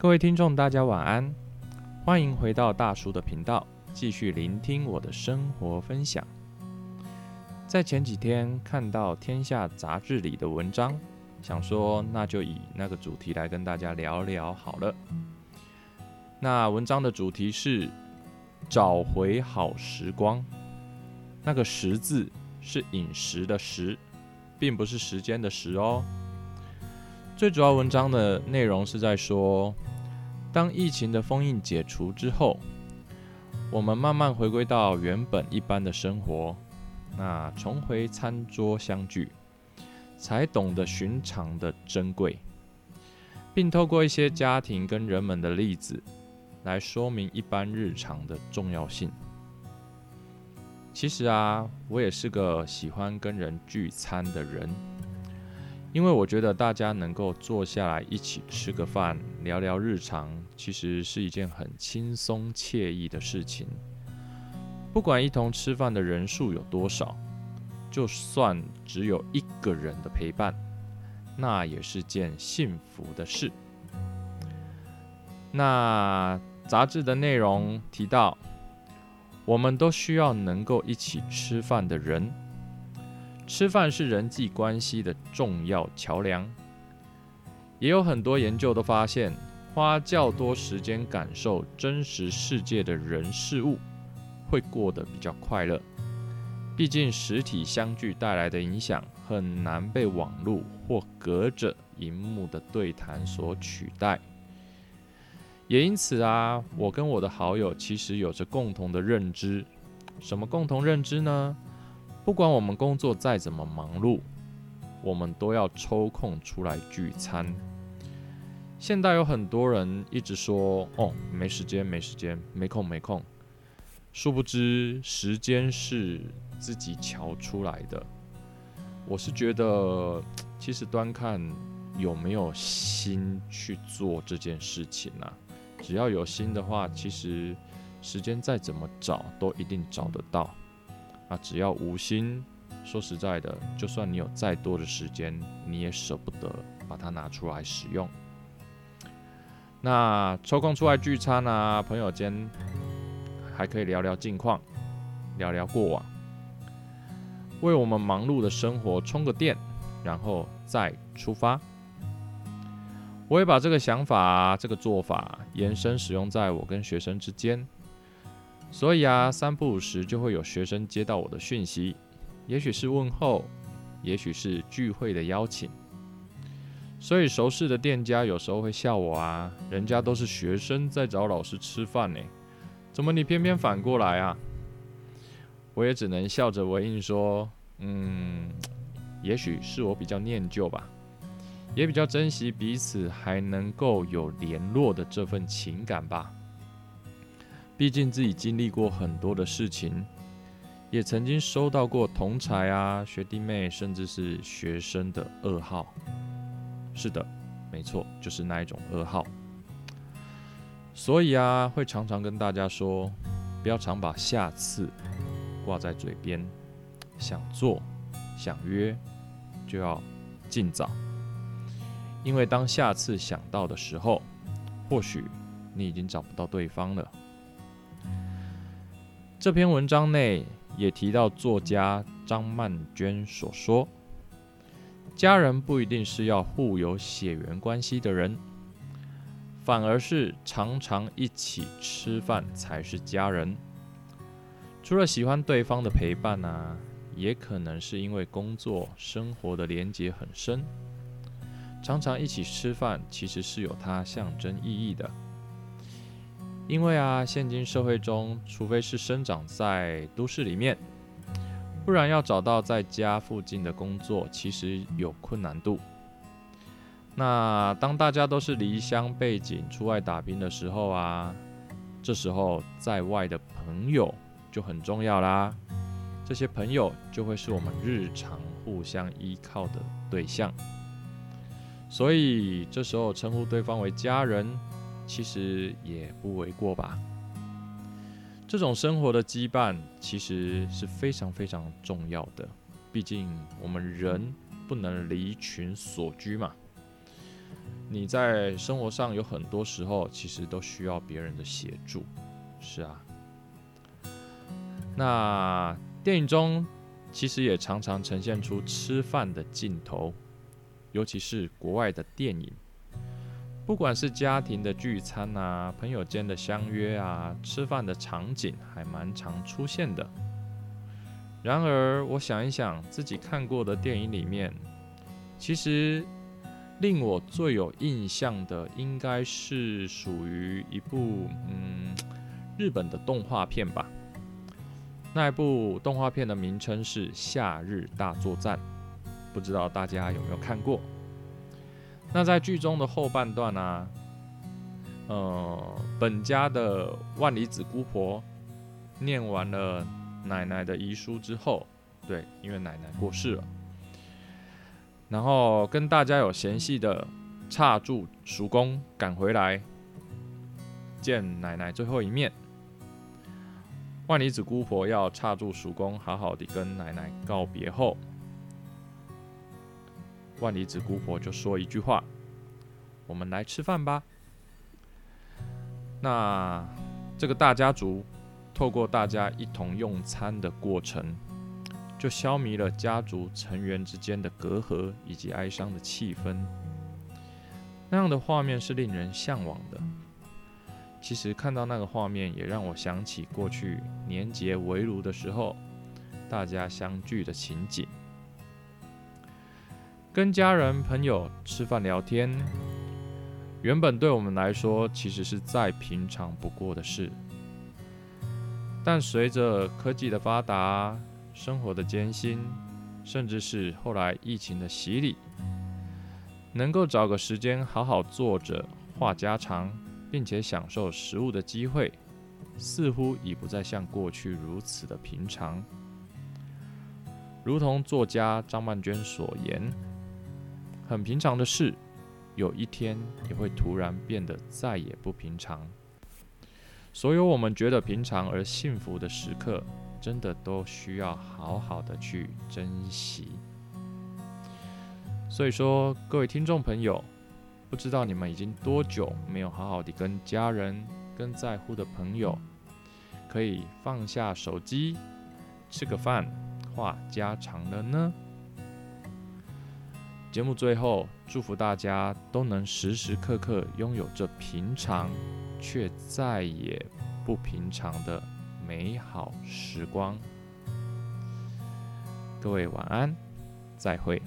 各位聽眾，大家晚安，歡迎回到大叔的頻道，繼續聆聽我的生活分享。在前幾天看到《天下》雜誌裡的文章，想說那就以那個主題來跟大家聊聊好了。那文章的主題是找回好食光，那個“食”字是飲食的“食”，並不是時間的“時”哦。最主要文章的內容是在說。當疫情的封印解除之後，我們慢慢回歸到原本一般的生活，那重回餐桌相聚，才懂得尋常的珍貴，並透過一些家庭跟人們的例子，來說明一般日常的重要性。其實啊，我也是個喜歡跟人聚餐的人。因為我覺得大家能夠坐下來一起吃個飯，聊聊日常，其實是一件很輕鬆愜意的事情。不管一同吃飯的人數有多少，就算只有一個人的陪伴，那也是件幸福的事。那雜誌的內容提到，我們都需要能夠一起吃飯的人。吃飯是人際關係的重要橋樑，也有很多研究都發現，花較多時間感受真實世界的人事物，會過得比較快樂。畢竟實體相聚帶來的影響，很難被網絡或隔着螢幕的對談所取代。也因此啊，我跟我的好友其實有着共同的認知，什麼共同認知呢？不管我們工作再怎麼忙碌，我們都要抽空出來聚餐。現代有很多人一直說：“哦，沒時間，沒時間，沒空，沒空。”殊不知，時間是自己瞧出來的。我是覺得，其實端看有沒有心去做這件事情呢、啊？只要有心的話，其實時間再怎麼找，都一定找得到。啊，只要無心，說實在的，就算你有再多的時間，你也捨不得把它拿出來使用。那抽空出來聚餐啊，朋友間還可以聊聊近況，聊聊過往，為我們忙碌的生活充個電，然後再出發。我也把這個想法、這個做法延伸使用在我跟學生之間。所以啊，三不五時就會有學生接到我的訊息，也許是問候，也許是聚會的邀請。所以熟識的店家有時候會笑我啊，人家都是學生在找老師吃飯呢，欸，怎麼你偏偏反過來啊？我也只能笑着回應說：“嗯，也許是我比較念舊吧，也比較珍惜彼此還能夠有聯絡的這份情感吧。”畢竟自己經歷過很多的事情，也曾經收到過同儕啊、學弟妹，甚至是學生的噩耗。是的，沒錯，就是那一種噩耗。所以啊，會常常跟大家說，不要常把下次掛在嘴邊。想做、想約，就要儘早，因為當下次想到的時候，或許你已經找不到對方了。這篇文章內也提到作家張曼娟所說：“家人不一定是要互有血緣關係的人，反而是常常一起吃飯才是家人。除了喜歡對方的陪伴呢、啊，也可能是因為工作生活的連結很深，常常一起吃飯其實是有它象徵意義的。”因為啊，現今社會中，除非是生長在都市裡面，不然要找到在家附近的工作，其實有困難度。那當大家都是離鄉背井出外打拼的時候啊，這時候在外的朋友就很重要啦。這些朋友就會是我們日常互相依靠的對象，所以這時候稱呼對方為家人。其實也不為過吧。這種生活的羈絆其實是非常非常重要的，畢竟我們人不能離群索居嘛。你在生活上有很多時候其實都需要別人的協助，是啊。那電影中其實也常常呈現出吃飯的鏡頭，尤其是國外的電影。不管是家庭的聚餐啊，朋友間的相約啊，吃飯的場景還蠻常出現的。然而，我想一想自己看過的電影裡面，其實令我最有印象的，應該是屬於一部，嗯，日本的動畫片吧。那一部動畫片的名稱是《夏日大作戰》，不知道大家有沒有看過？那在劇中的後半段啊，呃，本家的萬里子姑婆念完了奶奶的遺書之後，對，因為奶奶過世了，然後跟大家有嫌隙的差住叔公趕回來見奶奶最後一面。萬里子姑婆要差住叔公好好的跟奶奶告別後。萬里子姑婆就說一句話：“我們來吃飯吧。”那這個大家族，透過大家一同用餐的過程，就消弭了家族成員之間的隔閡以及哀傷的氣氛。那樣的畫面是令人向往的。其實看到那個畫面，也讓我想起過去年節圍爐的時候，大家相聚的情景。跟家人朋友吃飯聊天，原本對我們來說其實是再平常不過的事。但隨着科技的發達、生活的艱辛，甚至是後來疫情的洗禮，能夠找個時間好好坐着話家常，並且享受食物的機會，似乎已不再像過去如此的平常。如同作家張曼娟所言，很平常的事，有一天也會突然變得再也不平常。所有我們覺得平常而幸福的時刻，真的都需要好好的去珍惜。所以說，各位聽眾朋友，不知道你們已經多久沒有好好的跟家人、跟在乎的朋友，可以放下手機，吃個飯，話家常了呢？節目最後，祝福大家都能時時刻刻擁有這平常卻再也不平常的美好時光。各位晚安，再會。